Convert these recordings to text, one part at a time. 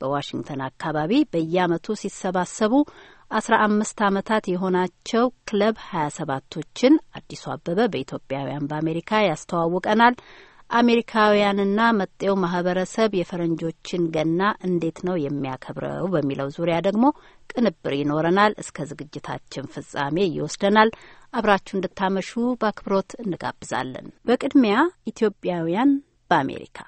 በዋሽንግተን አካባቢ በየአመቱ ሲሰባሰቡ አስራ አምስት አመታት የሆናቸው ክለብ ሀያ ሰባቶችን አዲሱ አበበ በኢትዮጵያውያን በአሜሪካ ያስተዋውቀናል። አሜሪካውያንና መጤው ማህበረሰብ የፈረንጆችን ገና እንዴት ነው የሚያከብረው በሚለው ዙሪያ ደግሞ ቅንብር ይኖረናል። እስከ ዝግጅታችን ፍጻሜ ይወስደናል። አብራችሁ እንድታመሹ በአክብሮት እንጋብዛለን። በቅድሚያ ኢትዮጵያውያን በአሜሪካ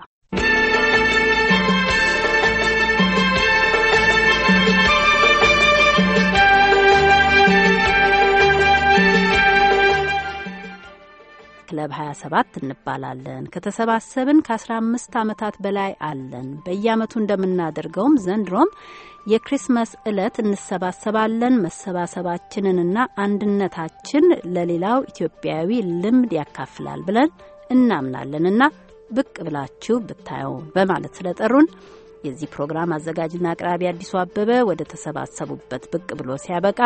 ክለብ 27 እንባላለን። ከተሰባሰብን ከ15 ዓመታት በላይ አለን። በየአመቱ እንደምናደርገውም ዘንድሮም የክሪስመስ ዕለት እንሰባሰባለን። መሰባሰባችንንና አንድነታችን ለሌላው ኢትዮጵያዊ ልምድ ያካፍላል ብለን እናምናለንና ብቅ ብላችሁ ብታዩን በማለት ስለጠሩን የዚህ ፕሮግራም አዘጋጅና አቅራቢ አዲሱ አበበ ወደ ተሰባሰቡበት ብቅ ብሎ ሲያበቃ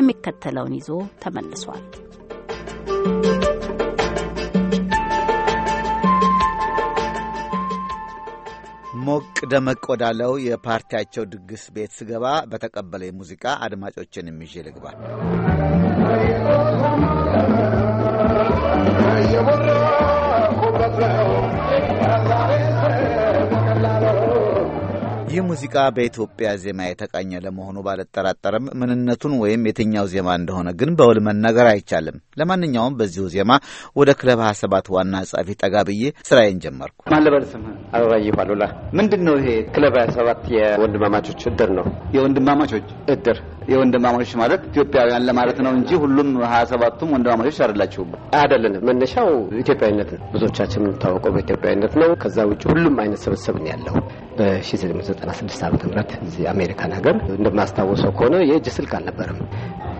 የሚከተለውን ይዞ ተመልሷል። ሞቅ ደመቅ ወዳለው የፓርቲያቸው ድግስ ቤት ስገባ በተቀበለ ሙዚቃ አድማጮችን የሚዤ ልግባል። ይህ ሙዚቃ በኢትዮጵያ ዜማ የተቃኘ ለመሆኑ ባልጠራጠርም ምንነቱን ወይም የትኛው ዜማ እንደሆነ ግን በውል መናገር አይቻልም። ለማንኛውም በዚሁ ዜማ ወደ ክለብ ሀያ ሰባት ዋና ጸሐፊ ጠጋ ብዬ ስራዬን ጀመርኩ። ማለበል ስም አበባየሁ አሉላ። ምንድን ነው ይሄ? ክለብ ሀያ ሰባት የወንድማማቾች እድር ነው። የወንድማማቾች እድር የወንድማማቾች ማለት ኢትዮጵያውያን ለማለት ነው እንጂ ሁሉም ሀያ ሰባቱም ወንድማማቾች አይደላችሁም። አይደለንም። መነሻው ኢትዮጵያዊነት ነው። ብዙዎቻችን የምንታወቀው በኢትዮጵያዊነት ነው። ከዛ ውጭ ሁሉም አይነት ስብስብ ነው ያለው። በ1996 ዓ ም እዚህ አሜሪካን ሀገር እንደማስታወሰው ከሆነ የእጅ ስልክ አልነበረም።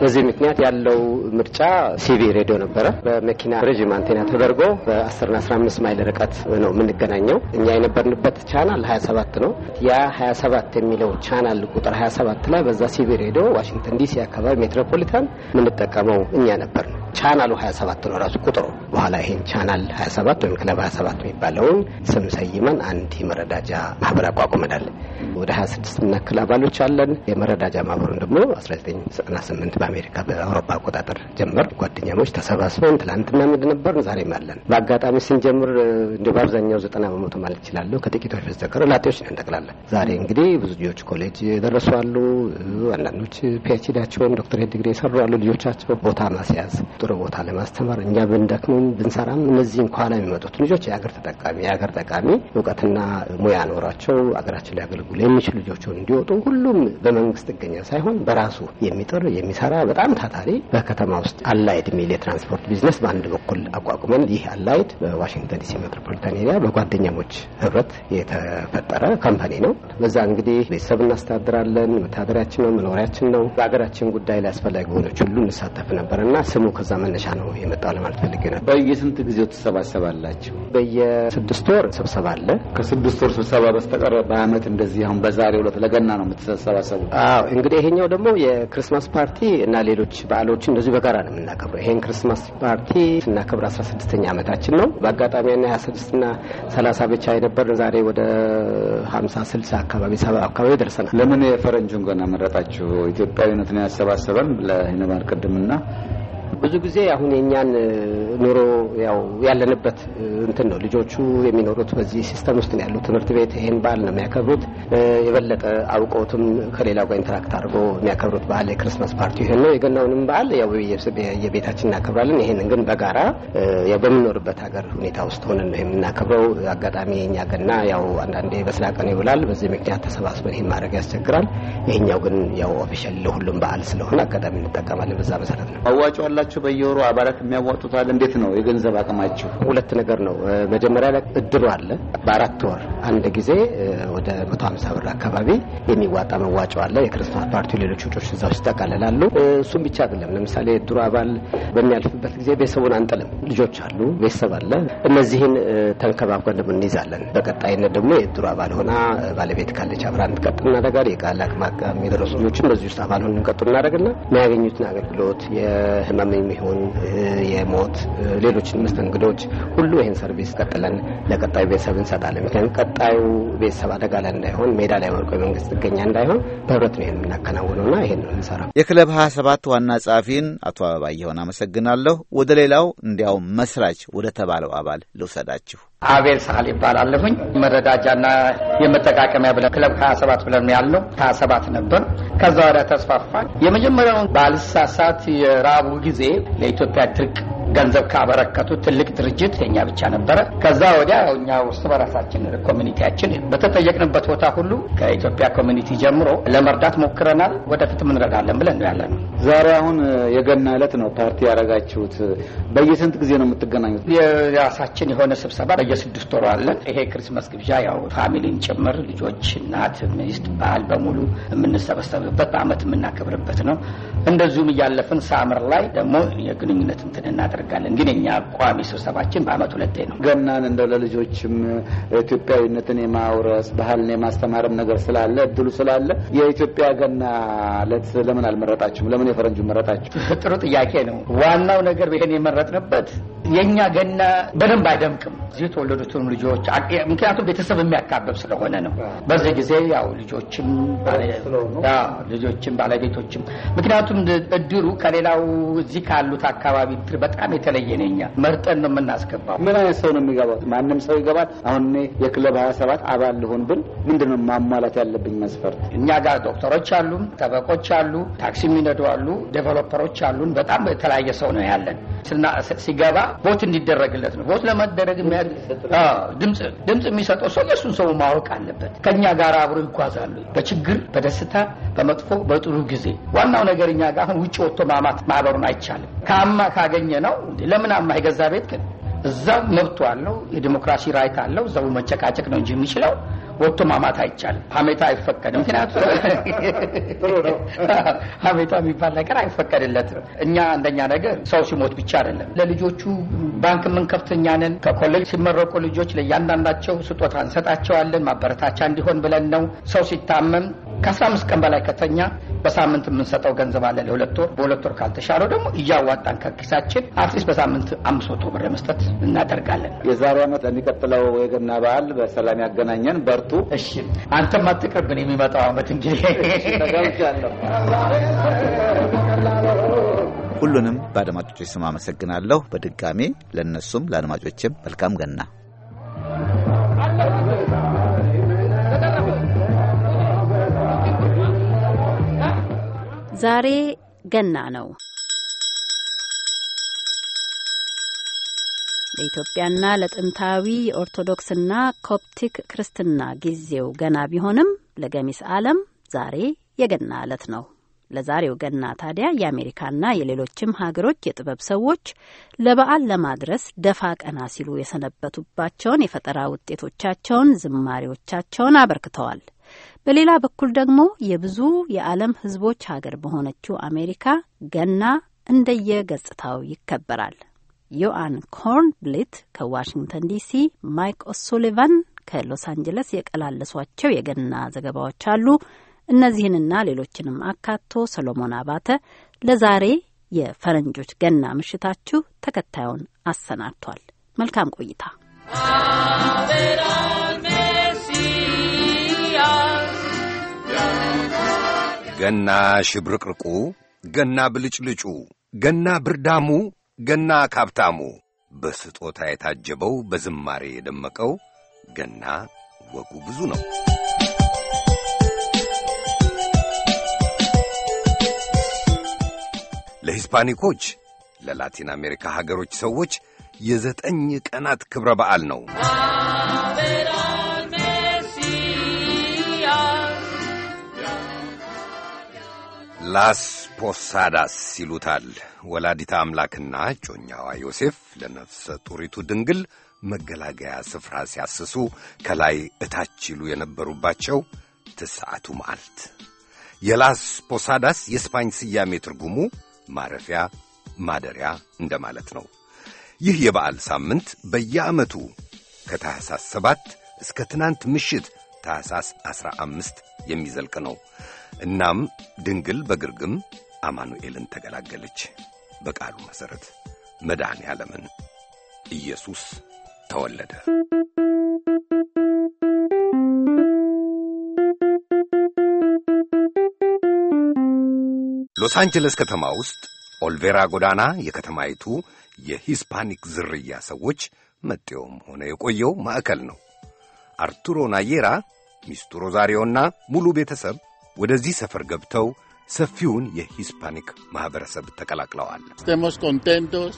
በዚህ ምክንያት ያለው ምርጫ ሲቪ ሬዲዮ ነበረ። በመኪና ረዥም አንቴና ተደርጎ በ10ና 15 ማይል ርቀት ነው የምንገናኘው። እኛ የነበርንበት ቻናል 27 ነው። ያ 27 የሚለው ቻናል ቁጥር 27 ላይ በዛ ሲቪ ሬዲዮ ዋሽንግተን ዲሲ አካባቢ ሜትሮፖሊታን የምንጠቀመው እኛ ነበር። ቻናሉ 27 ነው ራሱ ቁጥሩ። በኋላ ይሄን ቻናል 27 ወይም ክለብ 27 የሚባለውን ስም ሰይመን አንድ የመረዳጃ ማህበር አቋቁመናል። ወደ 26 ምናክል አባሎች አለን። የመረዳጃ ማህበሩን ደግሞ 1998 በአሜሪካ በአውሮፓ አቆጣጠር ጀመር። ጓደኛሞች ተሰባስበን ትላንትና ምድ ነበር፣ ዛሬም አለን። በአጋጣሚ ስንጀምር እንዲ በአብዛኛው ዘጠና በመቶ ማለት ይችላለሁ ከጥቂቶች በስተቀር ላጤዎች ነን ጠቅላላ። ዛሬ እንግዲህ ብዙ ልጆች ኮሌጅ የደረሱ አሉ። አንዳንዶች ፒኤችዲያቸውን ዶክተሬት ዲግሪ የሰሩ አሉ። ልጆቻቸው ቦታ ማስያዝ ጥሩ ቦታ ለማስተማር እኛ ብንደክምም ብንሰራም እነዚህ እንኳን የሚመጡት ልጆች የአገር ተጠቃሚ የአገር ጠቃሚ እውቀትና ሙያ ኖሯቸው አገራችን ሊያገልግሉ የሚችሉ ልጆችን እንዲወጡ ሁሉም በመንግስት ጥገኛ ሳይሆን በራሱ የሚጥር የሚሰራ በጣም ታታሪ በከተማ ውስጥ አላይድ የሚል የትራንስፖርት ቢዝነስ በአንድ በኩል አቋቁመን ይህ አላይድ በዋሽንግተን ዲሲ ሜትሮፖሊታን ኤሪያ በጓደኛሞች ህብረት የተፈጠረ ካምፓኒ ነው። በዛ እንግዲህ ቤተሰብ እናስተዳድራለን። መታደሪያችን ነው፣ መኖሪያችን ነው። በሀገራችን ጉዳይ ላይ አስፈላጊ በሆነች ሁሉ እንሳተፍ ነበር እና ስሙ ከዛ መነሻ ነው የመጣው ለማለት ፈልጌ በየስንት ጊዜው ትሰባሰባላችሁ? በየስድስት ወር ስብሰባ አለ። ከስድስት ወር ስብሰባ በስተቀር በአመት እንደዚህ አሁን በዛሬው ዕለት ለገና ነው የምትሰባሰቡ? አዎ እንግዲህ ይሄኛው ደግሞ የክርስማስ ፓርቲ እና ሌሎች በዓሎች እንደዚሁ በጋራ ነው የምናከብረው። ይሄን ክርስማስ ፓርቲ ስናከብር አስራ ስድስተኛ ዓመታችን ነው። በአጋጣሚ ና ሀያ ና ሰላሳ ብቻ የነበርን ዛሬ ወደ ሀምሳ ስልሳ አካባቢ ሰባ አካባቢ ደርሰናል። ለምን የፈረንጁን ገና መረጣችሁ? ኢትዮጵያዊነትን ያሰባሰበን ብለህ ነበር ቅድምና ብዙ ጊዜ አሁን የእኛን ኑሮ ያው ያለንበት እንትን ነው። ልጆቹ የሚኖሩት በዚህ ሲስተም ውስጥ ያሉት። ትምህርት ቤት ይህን በዓል ነው የሚያከብሩት። የበለጠ አውቀውትም ከሌላው ጋር ኢንተራክት አድርጎ የሚያከብሩት በዓል የክርስማስ ፓርቲ ይህን ነው። የገናውንም በዓል የቤታችን እናከብራለን። ይህንን ግን በጋራ ያው በምኖርበት ሀገር ሁኔታ ውስጥ ሆነን ነው የምናከብረው። አጋጣሚ እኛ ገና ያው አንዳንዴ በስራ ቀን ይውላል። በዚህ ምክንያት ተሰባስበን ይህን ማድረግ ያስቸግራል። ይሄኛው ግን ያው ኦፊሻል ለሁሉም በዓል ስለሆነ አጋጣሚ እንጠቀማለን። በዛ መሰረት ነው አዋጭ አላቸው። በየወሩ አባላት የሚያዋጡታል። እንዴት ነው የገንዘብ የገንዘብ አቅማችሁ? ሁለት ነገር ነው። መጀመሪያ ላይ እድሉ አለ። በአራት ወር አንድ ጊዜ ወደ መቶ ሀምሳ ብር አካባቢ የሚዋጣ መዋጮ አለ። የክርስቶስ ፓርቲ ሌሎች ውጮች እዛ ውስጥ ይጠቃለላሉ። እሱም ብቻ አይደለም። ለምሳሌ እድሩ አባል በሚያልፍበት ጊዜ ቤተሰቡን አንጥልም። ልጆች አሉ፣ ቤተሰብ አለ። እነዚህን ደግሞ እንይዛለን። በቀጣይነት ደግሞ የእድሩ አባል ሆና ባለቤት ካለች አብራ እንድትቀጥል እናደርጋለን። የቃል አቅም የደረሱ ልጆችን በዚህ ውስጥ አባል ሆን እንድትቀጥል እናደርግና የሚያገኙትን አገልግሎት የህመም የሚሆን የሞት ሌሎች መስተንግዶች ሁሉ ይህን ሰርቪስ ቀጥለን ለቀጣዩ ቤተሰብ እንሰጣለን። ምክንያቱም ቀጣዩ ቤተሰብ አደጋ ላይ እንዳይሆን፣ ሜዳ ላይ ወርቆ የመንግስት ጥገኛ እንዳይሆን በህብረት ነው ይህን የምናከናውነው ና ይህን እንሰራ። የክለብ ሀያ ሰባት ዋና ጸሐፊን አቶ አበባ አመሰግናለሁ። ወደ ሌላው እንዲያውም መስራች ወደ ተባለው አባል ልውሰዳችሁ። አቤል ሳህል ይባላለሁኝ። መረዳጃና የመጠቃቀሚያ ብለን ክለብ ከሀያ ሰባት ብለን ያልነው ሀያ ሰባት ነበር። ከዛ ወዲያ ተስፋፋ። የመጀመሪያውን ባልሳሳት የራቡ ጊዜ ለኢትዮጵያ ድርቅ ገንዘብ ካበረከቱ ትልቅ ድርጅት የኛ ብቻ ነበረ። ከዛ ወዲያ እኛ ውስጥ በራሳችን ኮሚኒቲያችን በተጠየቅንበት ቦታ ሁሉ ከኢትዮጵያ ኮሚኒቲ ጀምሮ ለመርዳት ሞክረናል። ወደፊት እንረዳለን ብለን ያለ ነው። ዛሬ አሁን የገና ዕለት ነው ፓርቲ ያደረጋችሁት። በየስንት ጊዜ ነው የምትገናኙት? የራሳችን የሆነ ስብሰባ በየስድስት ወሩ አለ። ይሄ ክርስመስ ግብዣ ያው ፋሚሊን ጭምር ልጆች፣ እናት፣ ሚስት፣ ባል በሙሉ የምንሰበሰብበት በአመት የምናከብርበት ነው። እንደዚሁም እያለፍን ሳምር ላይ ደግሞ የግንኙነት እንትን እናደርጋለን። ግን እኛ ቋሚ ስብሰባችን በአመት ሁለቴ ነው። ገናን እንደው ለልጆችም ኢትዮጵያዊነትን የማውረስ ባህልን የማስተማርም ነገር ስላለ እድሉ ስላለ የኢትዮጵያ ገና ዕለት ለምን አልመረጣችሁም? ለምን የፈረንጁ መረጣችሁ? ጥሩ ጥያቄ ነው። ዋናው ነገር ይሄን የመረጥንበት የእኛ ገና በደንብ አይደምቅም። እዚህ የተወለዱትም ልጆች ምክንያቱም ቤተሰብ የሚያካበብ ስለሆነ ነው። በዚህ ጊዜ ያው ልጆችም ልጆችም ባለቤቶችም ምክንያቱም እድሩ ከሌላው እዚህ ካሉት አካባቢ እድር በጣም የተለየ ነው። እኛ መርጠን ነው የምናስገባው። ምን አይነት ሰው ነው የሚገባው? ማንም ሰው ይገባል። አሁን እኔ የክለብ ሀያ ሰባት አባል ልሆን ብል ምንድን ነው ማሟላት ያለብኝ መስፈርት? እኛ ጋር ዶክተሮች አሉ፣ ጠበቆች አሉ፣ ታክሲ የሚነዱ አሉ፣ ዴቨሎፐሮች አሉን። በጣም የተለያየ ሰው ነው ያለን። ሲገባ ቦት እንዲደረግለት ነው። ቦት ለመደረግ ድምፅ ድምፅ የሚሰጠው ሰው የእሱን ሰው ማወቅ አለበት። ከእኛ ጋር አብሮ ይጓዛሉ። በችግር በደስታ በመጥፎ በጥሩ ጊዜ ዋናው ነገር እኛ ጋር አሁን ውጭ ወጥቶ ማማት ማህበሩን አይቻልም። ከአማ ካገኘ ነው። ለምን አማ የገዛ ቤት ግን እዛ መብቱ አለው የዲሞክራሲ ራይት አለው። እዛው መጨቃጨቅ ነው እንጂ የሚችለው ወጥቶ ማማት አይቻልም። ሀሜታ አይፈቀድም። ምክንያቱም ሀሜታ የሚባል ነገር አይፈቀድለትም። እኛ አንደኛ ነገር ሰው ሲሞት ብቻ አይደለም ለልጆቹ ባንክ የምንከፍተኛ ነን። ከኮሌጅ ሲመረቁ ልጆች ለእያንዳንዳቸው ስጦታ እንሰጣቸዋለን ማበረታቻ እንዲሆን ብለን ነው። ሰው ሲታመም ከ15 ቀን በላይ ከተኛ በሳምንት የምንሰጠው ገንዘብ አለ ለሁለት ወር። በሁለት ወር ካልተሻለው ደግሞ እያዋጣን ከኪሳችን አርቲስት በሳምንት አምስት መቶ ብር መስጠት እናደርጋለን። የዛሬ ዓመት ለሚቀጥለው የገና በዓል በሰላም ያገናኘን። በርቱ። እሺ፣ አንተም አትቅርብን የሚመጣው ዓመት እንግዲህ ሁሉንም በአድማጮች ስም አመሰግናለሁ። በድጋሜ ለእነሱም ለአድማጮችም መልካም ገና ዛሬ ገና ነው። ለኢትዮጵያና ለጥንታዊ የኦርቶዶክስና ኮፕቲክ ክርስትና ጊዜው ገና ቢሆንም ለገሚስ ዓለም ዛሬ የገና ዕለት ነው። ለዛሬው ገና ታዲያ የአሜሪካና የሌሎችም ሀገሮች የጥበብ ሰዎች ለበዓል ለማድረስ ደፋ ቀና ሲሉ የሰነበቱባቸውን የፈጠራ ውጤቶቻቸውን፣ ዝማሪዎቻቸውን አበርክተዋል። በሌላ በኩል ደግሞ የብዙ የዓለም ህዝቦች ሀገር በሆነችው አሜሪካ ገና እንደየገጽታው ይከበራል። ዮአን ኮርን ብሊት ከዋሽንግተን ዲሲ፣ ማይክ ኦሱሊቫን ከሎስ አንጀለስ የቀላለሷቸው የገና ዘገባዎች አሉ። እነዚህንና ሌሎችንም አካቶ ሰሎሞን አባተ ለዛሬ የፈረንጆች ገና ምሽታችሁ ተከታዩን አሰናድቷል። መልካም ቆይታ። ገና ሽብርቅርቁ፣ ገና ብልጭልጩ፣ ገና ብርዳሙ፣ ገና ካብታሙ፣ በስጦታ የታጀበው በዝማሬ የደመቀው ገና ወጉ ብዙ ነው። ለሂስፓኒኮች ለላቲን አሜሪካ ሀገሮች ሰዎች የዘጠኝ ቀናት ክብረ በዓል ነው። ላስ ፖሳዳስ ይሉታል። ወላዲታ አምላክና ጮኛዋ ዮሴፍ ለነፍሰ ጡሪቱ ድንግል መገላገያ ስፍራ ሲያስሱ ከላይ እታች ይሉ የነበሩባቸው ትስዓቱ መዓልት። የላስ ፖሳዳስ የስፓኝ ስያሜ ትርጉሙ ማረፊያ፣ ማደሪያ እንደማለት ነው። ይህ የበዓል ሳምንት በየዓመቱ ከታሕሳስ ሰባት እስከ ትናንት ምሽት ታሕሳስ ዐሥራ አምስት የሚዘልቅ ነው። እናም ድንግል በግርግም አማኑኤልን ተገላገለች። በቃሉ መሠረት መድኃኔ ዓለምን ኢየሱስ ተወለደ። ሎስ አንጀለስ ከተማ ውስጥ ኦልቬራ ጎዳና የከተማይቱ የሂስፓኒክ ዝርያ ሰዎች መጤውም ሆነ የቆየው ማዕከል ነው። አርቱሮ ናየራ፣ ሚስቱ ሮዛሪዮና ሙሉ ቤተሰብ ወደዚህ ሰፈር ገብተው ሰፊውን የሂስፓኒክ ማኅበረሰብ ተቀላቅለዋል። ስተሞስ ኮንቴንቶስ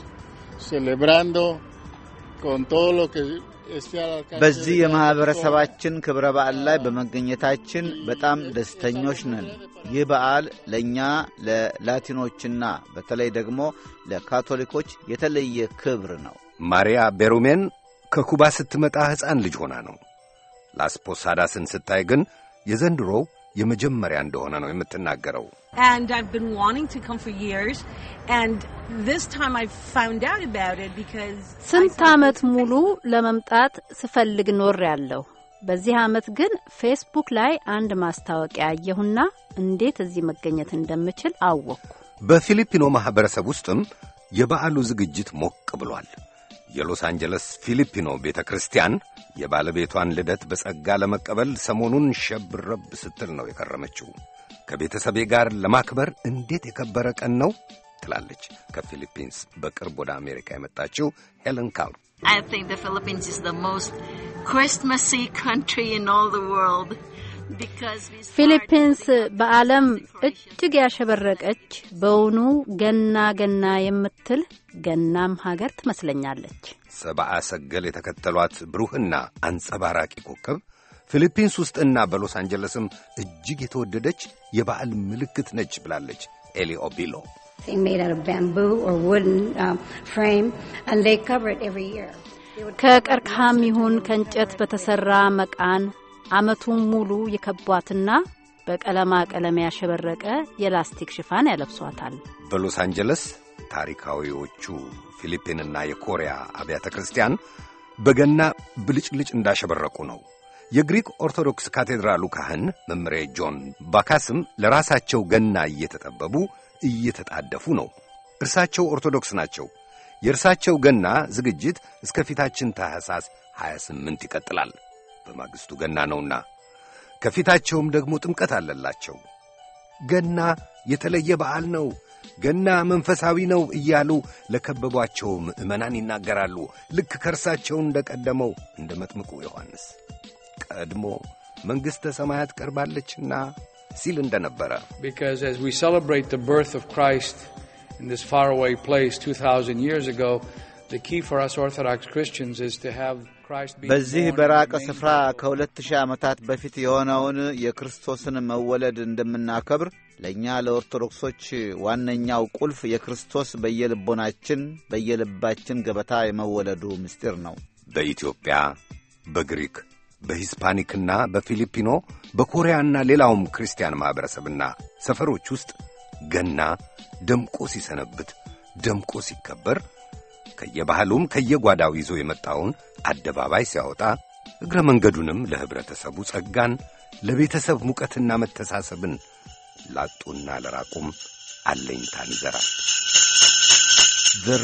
ሴሌብራንዶ ኮንቶሎ በዚህ የማኅበረሰባችን ክብረ በዓል ላይ በመገኘታችን በጣም ደስተኞች ነን። ይህ በዓል ለእኛ ለላቲኖችና በተለይ ደግሞ ለካቶሊኮች የተለየ ክብር ነው። ማሪያ ቤሩሜን ከኩባ ስትመጣ ሕፃን ልጅ ሆና ነው። ላስፖሳዳስን ስታይ ግን የዘንድሮው የመጀመሪያ እንደሆነ ነው የምትናገረው። ስንት ዓመት ሙሉ ለመምጣት ስፈልግ ኖር ያለሁ። በዚህ ዓመት ግን ፌስቡክ ላይ አንድ ማስታወቂያ አየሁና እንዴት እዚህ መገኘት እንደምችል አወቅኩ። በፊሊፒኖ ማኅበረሰብ ውስጥም የበዓሉ ዝግጅት ሞቅ ብሏል። የሎስ አንጀለስ ፊሊፒኖ ቤተ ክርስቲያን የባለቤቷን ልደት በጸጋ ለመቀበል ሰሞኑን ሸብረብ ስትል ነው የከረመችው። ከቤተሰቤ ጋር ለማክበር እንዴት የከበረ ቀን ነው ትላለች ከፊሊፒንስ በቅርብ ወደ አሜሪካ የመጣችው ሄለን ካል I think the Philippines is the most Christmassy country in all the world. ፊሊፒንስ በዓለም እጅግ ያሸበረቀች በውኑ ገና ገና የምትል ገናም ሀገር ትመስለኛለች። ሰብአ ሰገል የተከተሏት ብሩህና አንጸባራቂ ኮከብ ፊሊፒንስ ውስጥና በሎስ አንጀለስም እጅግ የተወደደች የበዓል ምልክት ነች ብላለች ኤሊኦቢሎ። um, ከቀርከሃም ይሁን ከእንጨት በተሠራ መቃን አመቱን ሙሉ የከቧትና በቀለማ ቀለም ያሸበረቀ የላስቲክ ሽፋን ያለብሷታል። በሎስ አንጀለስ ታሪካዊዎቹ ፊሊፒንና የኮሪያ አብያተ ክርስቲያን በገና ብልጭልጭ እንዳሸበረቁ ነው። የግሪክ ኦርቶዶክስ ካቴድራሉ ካህን መምሬ ጆን ባካስም ለራሳቸው ገና እየተጠበቡ እየተጣደፉ ነው። እርሳቸው ኦርቶዶክስ ናቸው። የእርሳቸው ገና ዝግጅት እስከ ፊታችን ታህሳስ 28 ይቀጥላል። በማግስቱ ገና ነውና፣ ከፊታቸውም ደግሞ ጥምቀት አለላቸው። ገና የተለየ በዓል ነው፣ ገና መንፈሳዊ ነው እያሉ ለከበቧቸው ምዕመናን ይናገራሉ። ልክ ከእርሳቸው እንደ ቀደመው እንደ መጥምቁ ዮሐንስ ቀድሞ መንግሥተ ሰማያት ቀርባለችና ሲል እንደነበረ because as we celebrate the birth of Christ in this faraway place 2000 በዚህ በራቀ ስፍራ ከሁለት ሺህ ዓመታት በፊት የሆነውን የክርስቶስን መወለድ እንደምናከብር ለእኛ ለኦርቶዶክሶች ዋነኛው ቁልፍ የክርስቶስ በየልቦናችን በየልባችን ገበታ የመወለዱ ምስጢር ነው። በኢትዮጵያ፣ በግሪክ፣ በሂስፓኒክና በፊሊፒኖ በኮሪያና ሌላውም ክርስቲያን ማኅበረሰብና ሰፈሮች ውስጥ ገና ደምቆ ሲሰነብት ደምቆ ሲከበር ከየባህሉም ከየጓዳው ይዞ የመጣውን አደባባይ ሲያወጣ እግረ መንገዱንም ለኅብረተሰቡ ጸጋን፣ ለቤተሰብ ሙቀትና መተሳሰብን፣ ላጡና ለራቁም አለኝታን ይዘራል።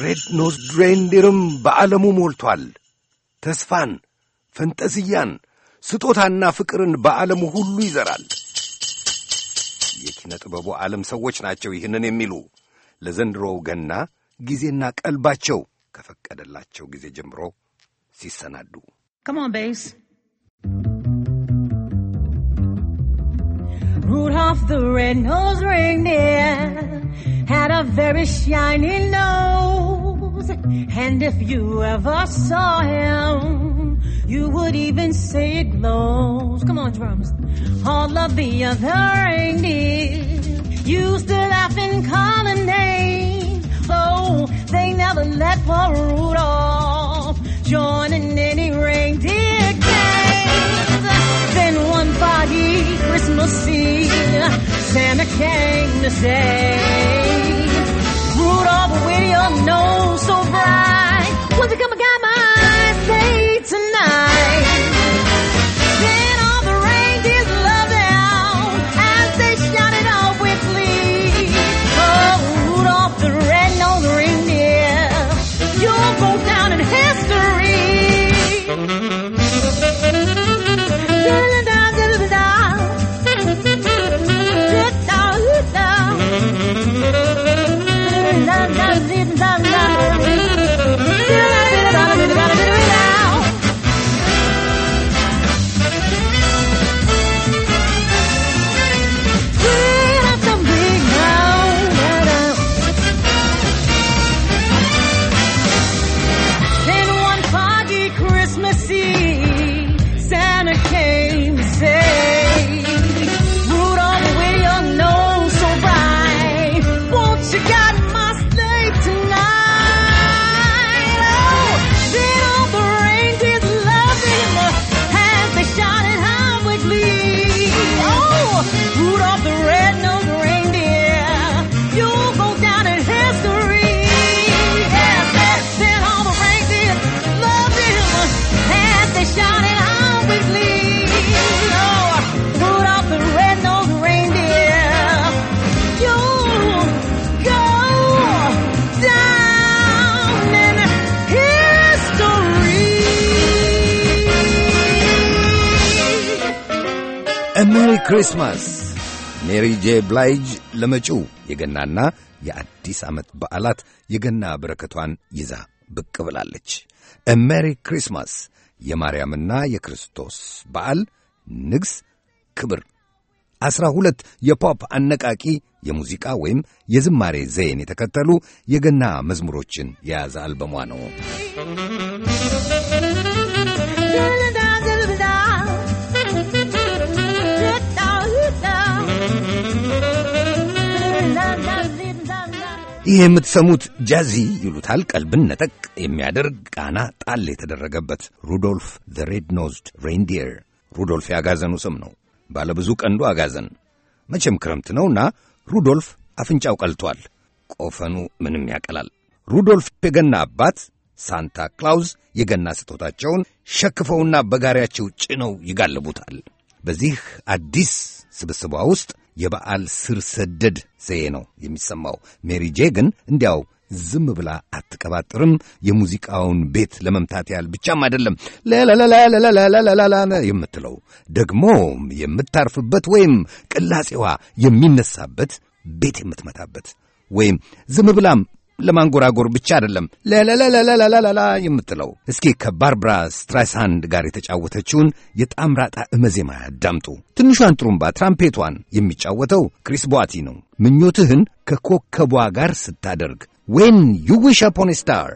ሬድ ኖዝ ሬንዲርም በዓለሙ ሞልቷል። ተስፋን፣ ፈንጠዝያን፣ ስጦታና ፍቅርን በዓለሙ ሁሉ ይዘራል። የኪነ ጥበቡ ዓለም ሰዎች ናቸው ይህንን የሚሉ ለዘንድሮው ገና ጊዜና ቀልባቸው ከፈቀደላቸው ጊዜ ጀምሮ Come on, bass. Rudolph the red-nosed reindeer had a very shiny nose, and if you ever saw him, you would even say it glows. Come on, drums. All of the other reindeer used to laugh and call a name, though they never let poor Rudolph Santa came to say, Rudolph with your nose so bright. ክሪስማስ ሜሪ ጄ ብላይጅ ለመጪው የገናና የአዲስ ዓመት በዓላት የገና በረከቷን ይዛ ብቅ ብላለች። ሜሪ ክሪስማስ የማርያምና የክርስቶስ በዓል ንግሥ ክብር ዐሥራ ሁለት የፖፕ አነቃቂ የሙዚቃ ወይም የዝማሬ ዘይን የተከተሉ የገና መዝሙሮችን የያዘ አልበሟ ነው። ይህ የምትሰሙት ጃዚ ይሉታል። ቀልብን ነጠቅ የሚያደርግ ቃና ጣል የተደረገበት ሩዶልፍ ዘ ሬድ ኖዝድ ሬንዲየር። ሩዶልፍ የአጋዘኑ ስም ነው፣ ባለብዙ ቀንዱ አጋዘን። መቼም ክረምት ነውና ሩዶልፍ አፍንጫው ቀልቷል፣ ቆፈኑ ምንም ያቀላል። ሩዶልፍ የገና አባት ሳንታ ክላውዝ የገና ስጦታቸውን ሸክፈውና በጋሪያቸው ጭነው ይጋልቡታል። በዚህ አዲስ ስብስቧ ውስጥ የበዓል ስር ሰደድ ዘዬ ነው የሚሰማው። ሜሪ ጄ ግን እንዲያው ዝም ብላ አትቀባጥርም። የሙዚቃውን ቤት ለመምታት ያህል ብቻም አይደለም ለላላላላላላላ የምትለው ደግሞም የምታርፍበት ወይም ቅላጼዋ የሚነሳበት ቤት የምትመታበት ወይም ዝም ብላም ለማንጎራጎር ብቻ አይደለም ለለለለለለላ የምትለው። እስኪ ከባርብራ ስትራይስሃንድ ጋር የተጫወተችውን የጣምራጣ እመዜማ ያዳምጡ። ትንሿን ጥሩምባ ትራምፔቷን የሚጫወተው ክሪስ ቧቲ ነው። ምኞትህን ከኮከቧ ጋር ስታደርግ ዌን ዩ ዊሽ አፖን ስታር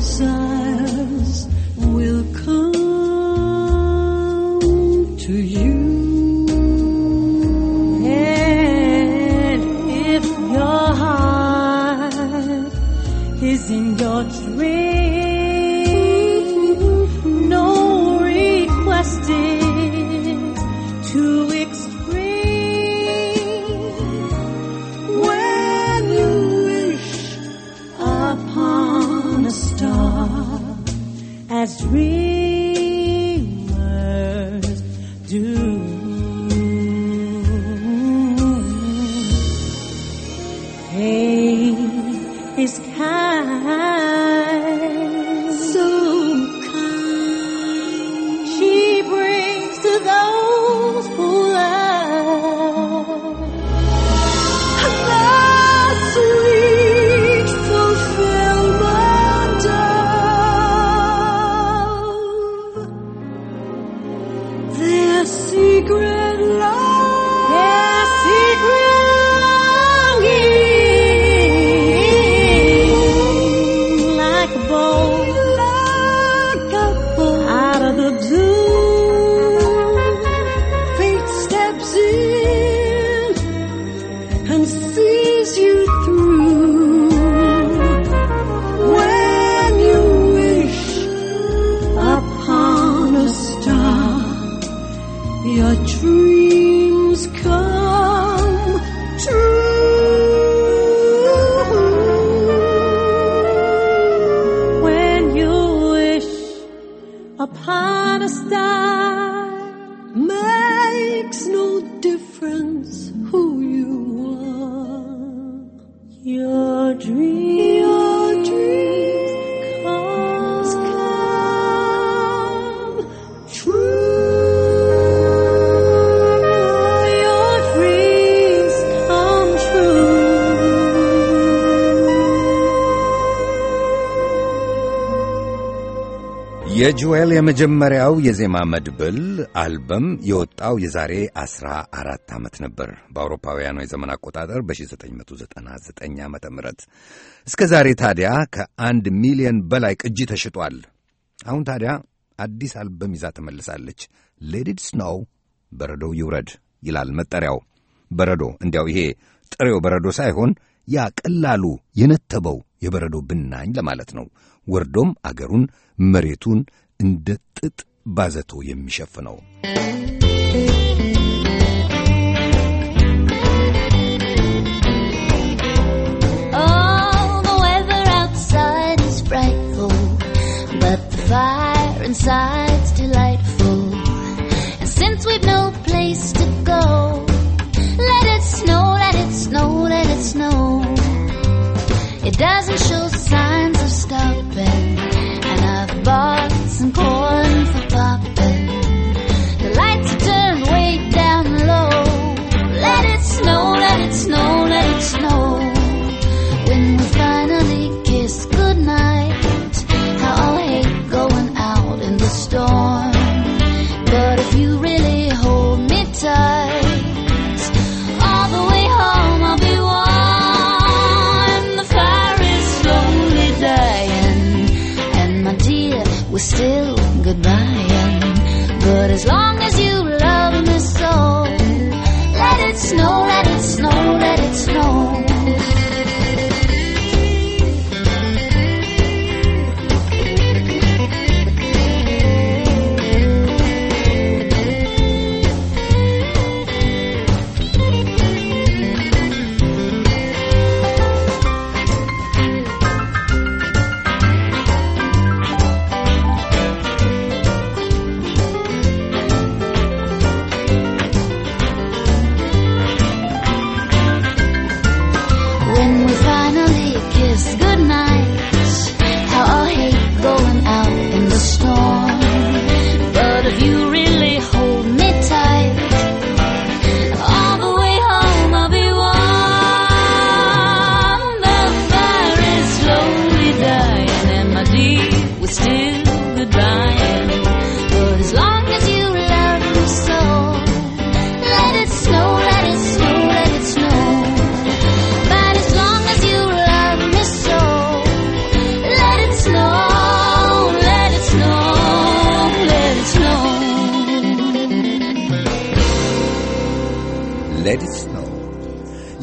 desire. የጁዌል የመጀመሪያው የዜማ መድብል አልበም የወጣው የዛሬ 14 ዓመት ነበር በአውሮፓውያኑ የዘመን አቆጣጠር በ1999 ዓ ም እስከ ዛሬ ታዲያ ከአንድ ሚሊዮን በላይ ቅጂ ተሽጧል። አሁን ታዲያ አዲስ አልበም ይዛ ተመልሳለች። ሌዲድ ስኖው በረዶው ይውረድ ይላል መጠሪያው። በረዶ እንዲያው ይሄ ጥሬው በረዶ ሳይሆን ያ ቀላሉ የነተበው የበረዶ ብናኝ ለማለት ነው። ወርዶም አገሩን መሬቱን እንደ ጥጥ ባዘቶ የሚሸፍነው fire inside's delightful. And since we've no place to go, let it snow, let it snow, let it snow. It doesn't show signs of stopping, and I've bought some corn for Papa.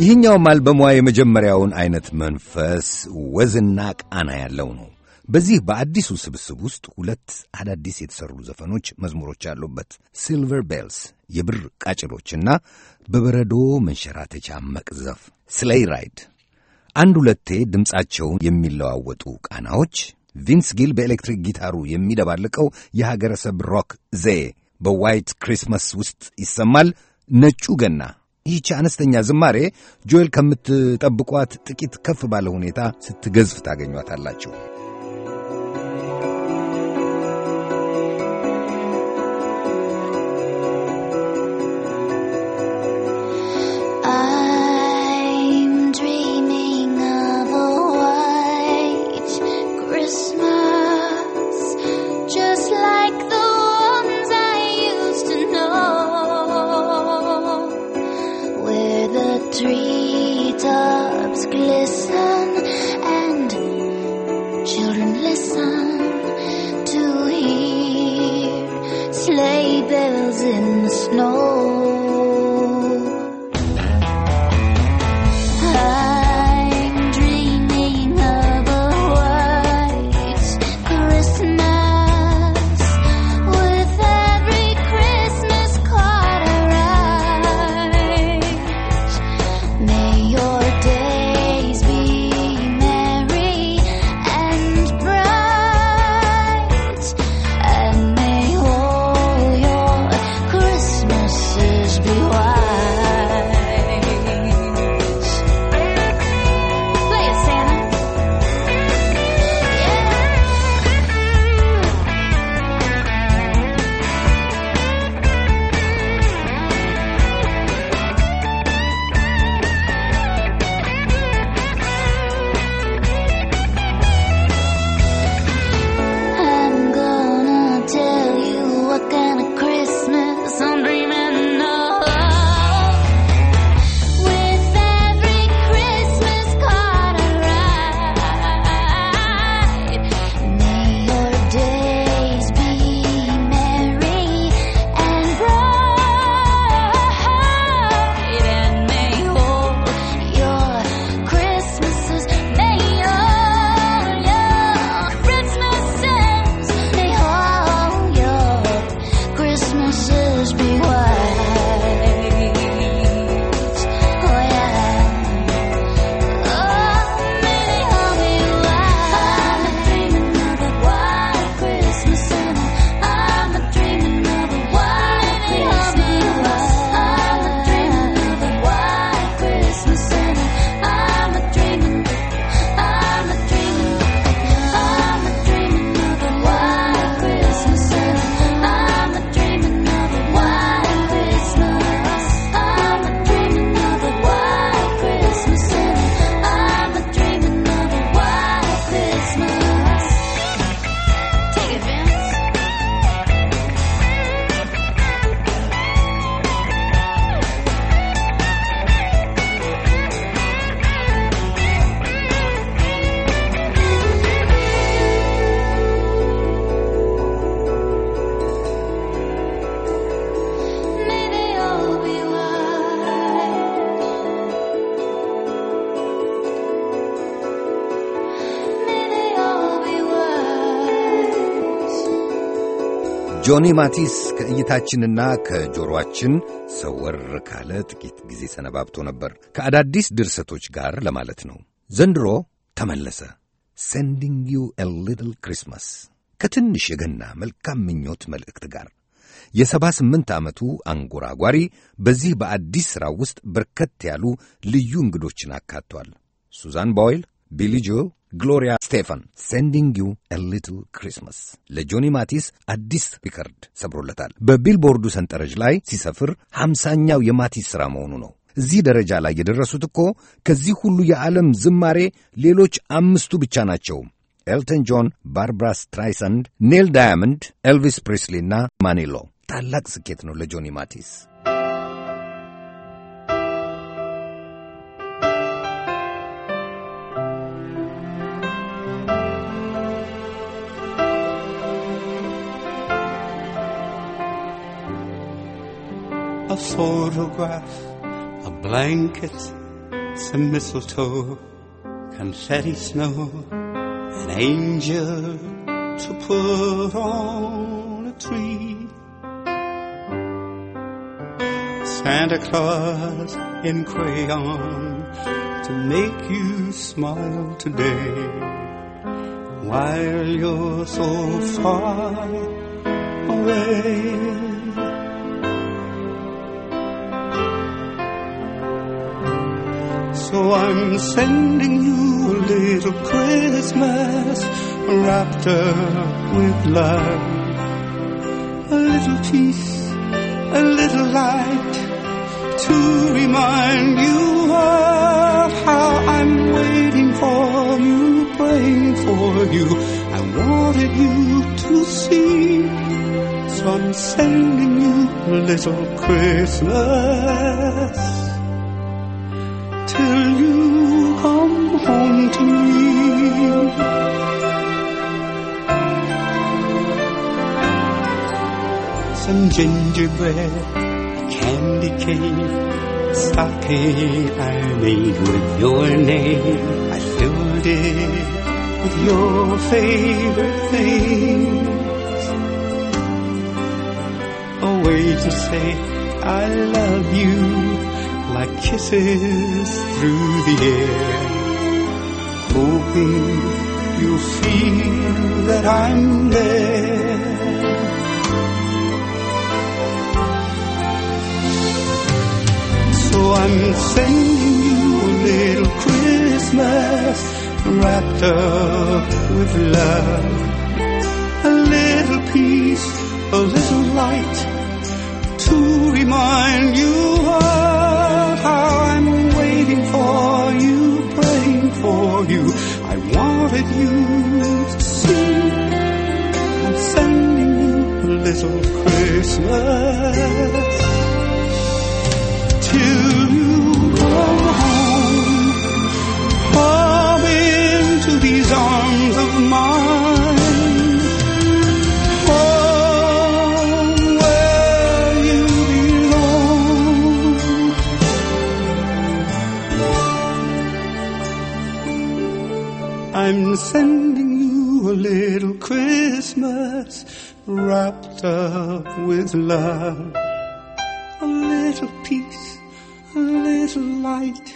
ይህኛው አልበሟ የመጀመሪያውን አይነት መንፈስ ወዝና ቃና ያለው ነው። በዚህ በአዲሱ ስብስብ ውስጥ ሁለት አዳዲስ የተሠሩ ዘፈኖች፣ መዝሙሮች ያሉበት ሲልቨር ቤልስ የብር ቃጭሎችና በበረዶ መንሸራተቻ መቅዘፍ ስሌይ ራይድ አንድ ሁለቴ ድምፃቸውን የሚለዋወጡ ቃናዎች ቪንስ ጊል በኤሌክትሪክ ጊታሩ የሚደባልቀው የሀገረሰብ ሮክ ዘዬ በዋይት ክሪስማስ ውስጥ ይሰማል። ነጩ ገና ይህቺ አነስተኛ ዝማሬ ጆኤል ከምትጠብቋት ጥቂት ከፍ ባለ ሁኔታ ስትገዝፍ ታገኟታላችሁ። ጆኒ ማቲስ ከእይታችንና ከጆሮአችን ሰወር ካለ ጥቂት ጊዜ ሰነባብቶ ነበር፣ ከአዳዲስ ድርሰቶች ጋር ለማለት ነው። ዘንድሮ ተመለሰ። ሴንዲንግ ዩ ኤ ሊትል ክሪስማስ ከትንሽ የገና መልካም ምኞት መልእክት ጋር የሰባ ስምንት ዓመቱ አንጎራጓሪ በዚህ በአዲስ ሥራ ውስጥ በርከት ያሉ ልዩ እንግዶችን አካቷል። ሱዛን ቦይል ቢሊጆ ግሎሪያ ስቴፋን ሴንዲንግ ዩ ሊትል ክሪስማስ ለጆኒ ማቲስ አዲስ ሪከርድ ሰብሮለታል። በቢልቦርዱ ሰንጠረዥ ላይ ሲሰፍር ሐምሳኛው የማቲስ ሥራ መሆኑ ነው። እዚህ ደረጃ ላይ የደረሱት እኮ ከዚህ ሁሉ የዓለም ዝማሬ ሌሎች አምስቱ ብቻ ናቸው። ኤልተን ጆን፣ ባርብራ ስትራይሰንድ፣ ኔል ዳያመንድ፣ ኤልቪስ ፕሪስሊ እና ማኒሎ። ታላቅ ስኬት ነው ለጆኒ ማቲስ። photograph, a blanket, some mistletoe, confetti snow, an angel to put on a tree. Santa Claus in crayon to make you smile today while you're so far away. So I'm sending you a little Christmas wrapped up with love. A little peace, a little light to remind you of how I'm waiting for you, praying for you. I wanted you to see. So I'm sending you a little Christmas you come home to me. Some gingerbread, candy cane, sake I made with your name. I filled it with your favorite things. A way to say I love you like kisses through the air. Hoping you'll feel that I'm there. So I'm sending you a little Christmas wrapped up with love. A little peace, a little light to remind you of. wanted you to see. I'm sending you a little Christmas. Till you come home, come into these arms of mine. I'm sending you a little Christmas wrapped up with love. A little peace, a little light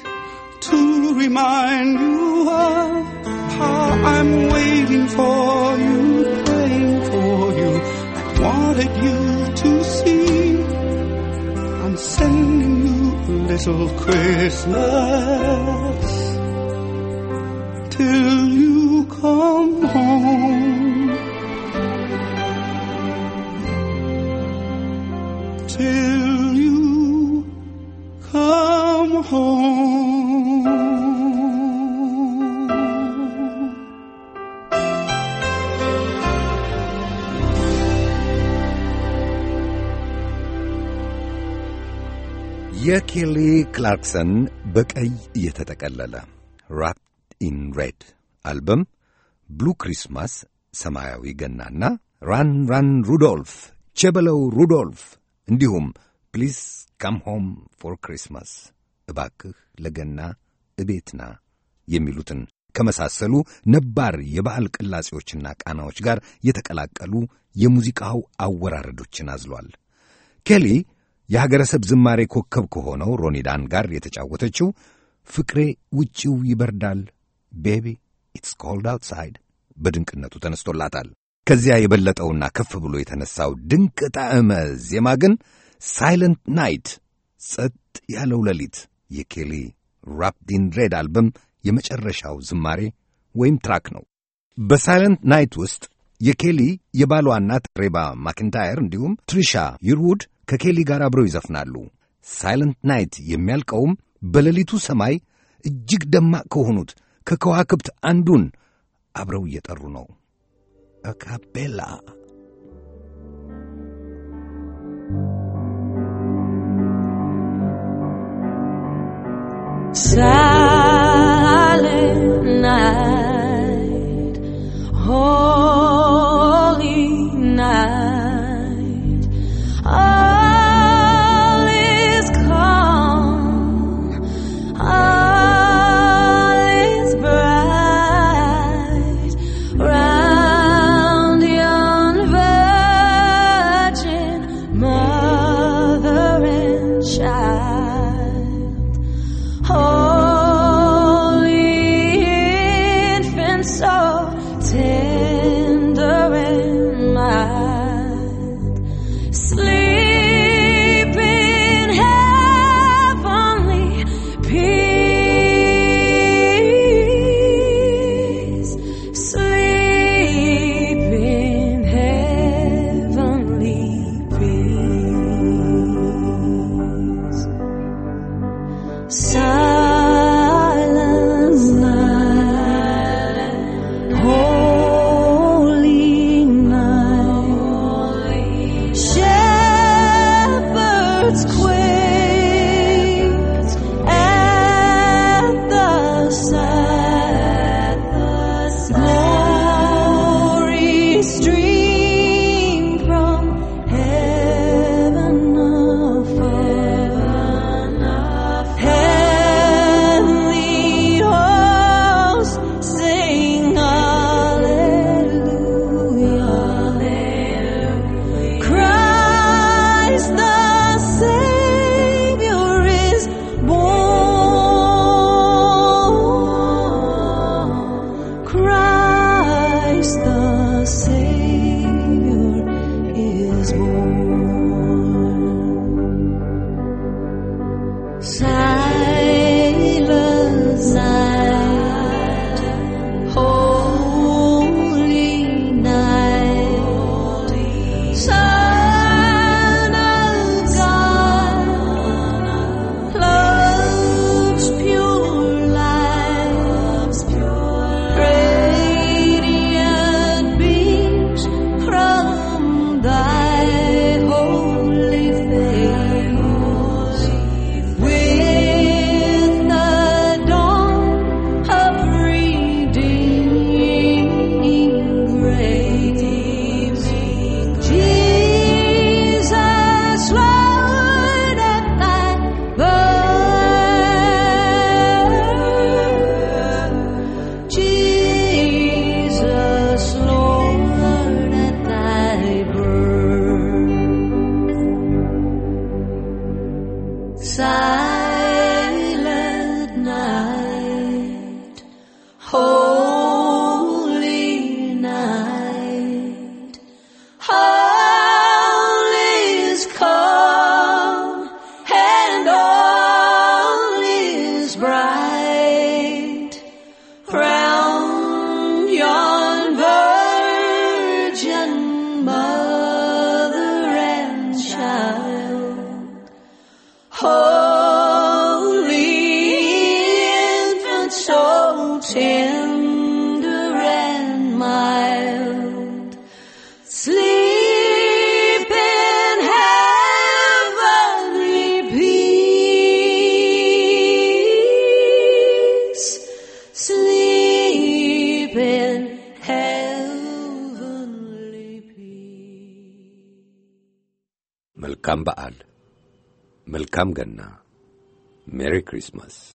to remind you of how I'm waiting for you, praying for you. I wanted you to see. I'm sending you a little Christmas. till. የኬሊ ክላርክሰን በቀይ እየተጠቀለለ ራፕድ ኢን ሬድ አልበም ብሉ ክሪስማስ ሰማያዊ ገናና ራን ራን ሩዶልፍ ቼበለው ሩዶልፍ እንዲሁም ፕሊስ ካም ሆም ፎር ክሪስማስ እባክህ ለገና እቤትና የሚሉትን ከመሳሰሉ ነባር የበዓል ቅላጼዎችና ቃናዎች ጋር የተቀላቀሉ የሙዚቃው አወራረዶችን አዝሏል ኬሊ የሀገረሰብ ዝማሬ ኮከብ ከሆነው ሮኒዳን ጋር የተጫወተችው ፍቅሬ ውጪው ይበርዳል ቤቢ ኢትስ ኮልድ አውትሳይድ በድንቅነቱ ተነስቶላታል። ከዚያ የበለጠውና ከፍ ብሎ የተነሳው ድንቅ ጣዕመ ዜማ ግን ሳይለንት ናይት ጸጥ ያለው ሌሊት የኬሊ ራፕዲን ሬድ አልበም የመጨረሻው ዝማሬ ወይም ትራክ ነው። በሳይለንት ናይት ውስጥ የኬሊ የባሏ እናት ሬባ ማኪንታየር እንዲሁም ትሪሻ ይርውድ ከኬሊ ጋር አብረው ይዘፍናሉ። ሳይለንት ናይት የሚያልቀውም በሌሊቱ ሰማይ እጅግ ደማቅ ከሆኑት ከከዋክብት አንዱን አብረው እየጠሩ ነው። አካቤላ silent night Sleep. Merry Christmas.